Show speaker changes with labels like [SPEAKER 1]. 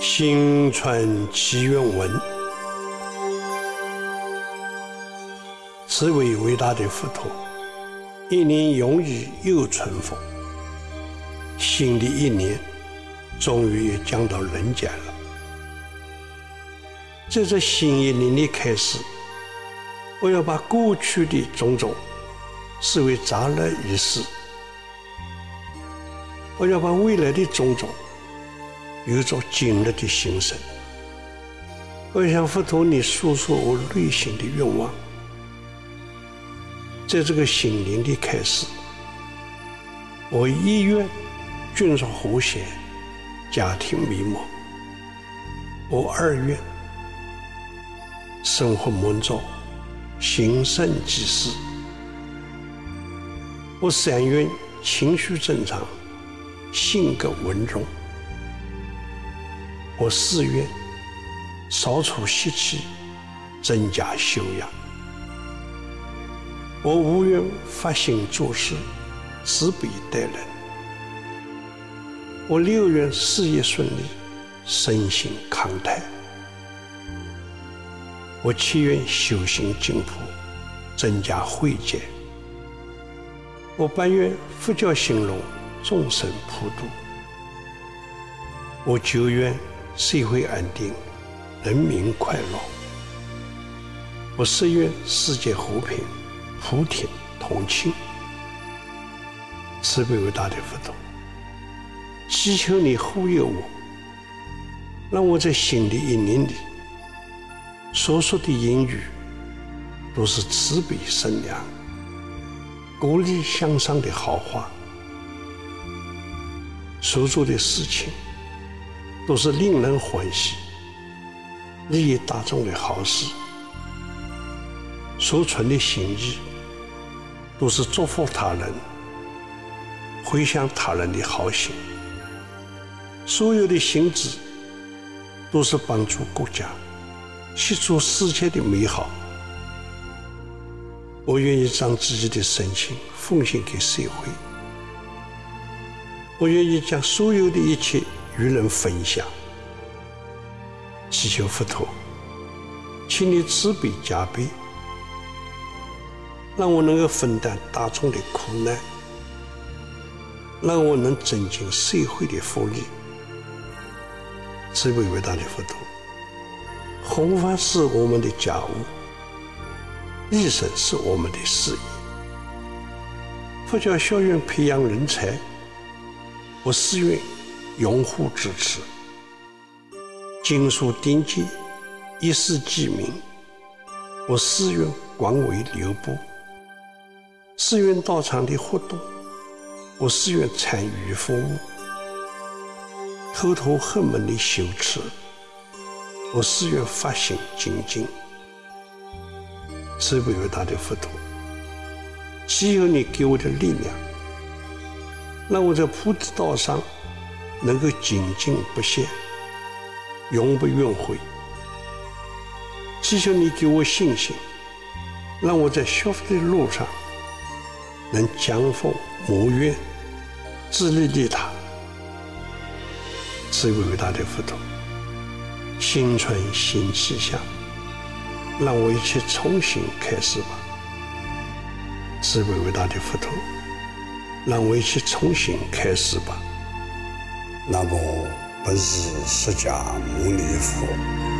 [SPEAKER 1] 新春祈願文，慈悲偉大的佛陀！一年容易又春風，新的一年終於也降到人間了。在這新一年的開始，我要把過去的種種視為雜亂一世。我要把未來的種種，有一種緊日的心聲，我想佛陀，你訴說我內心的願望。在這個新年的開始，我一願，進入和諧，家庭美滿；我二願，生活滿足，行善濟世。我三願，情緒正常，性格穩重。我四願：少處習氣，增加修養；我五願：發心做事，慈悲待人；我六願：事業順利，身心康泰；我七願：修行淨土，增加慧見。我八願：佛教興隆，眾生普渡；我九願，社會安定，人民快樂。我誓願世界和平，普天同慶。慈悲偉大的佛陀，祈求你護佑我，讓我在新的一年裡所說，說的言語都是慈悲善良、鼓勵向上的好話，所做的事情。都是令人歡喜、利益大眾的好事。所存的心意，都是祝福他人、回向他人的好心。所有的行持，都是幫助國家、協助世界的美好。我願意將自己的深情奉獻給社會。我願意將所有的一切。與人分享，祈求佛陀，請你慈悲加被，讓我能夠分擔大眾的苦難，讓我能增進社會的福利，慈悲偉大的佛陀。弘法是我們的家務，利生是我們的事業。佛教學院培養人才，我誓願。擁護支持，經書典籍，一世記名。我誓願廣為流布，寺院道場的活動，我誓願參與服務，佛陀法門的修持，我誓願發心精進。慈悲偉大的佛陀，祈求你給我的力量，讓我在菩提道上。能夠精進不懈，永不怨悔。祈求你給我信心，讓我在學佛的路上能降伏魔怨，自利利他。慈悲偉大的佛陀，新春新氣象，讓我一切重新開始吧。慈悲偉大的佛陀，讓我一切重新開始吧。南無本師釋迦牟尼佛。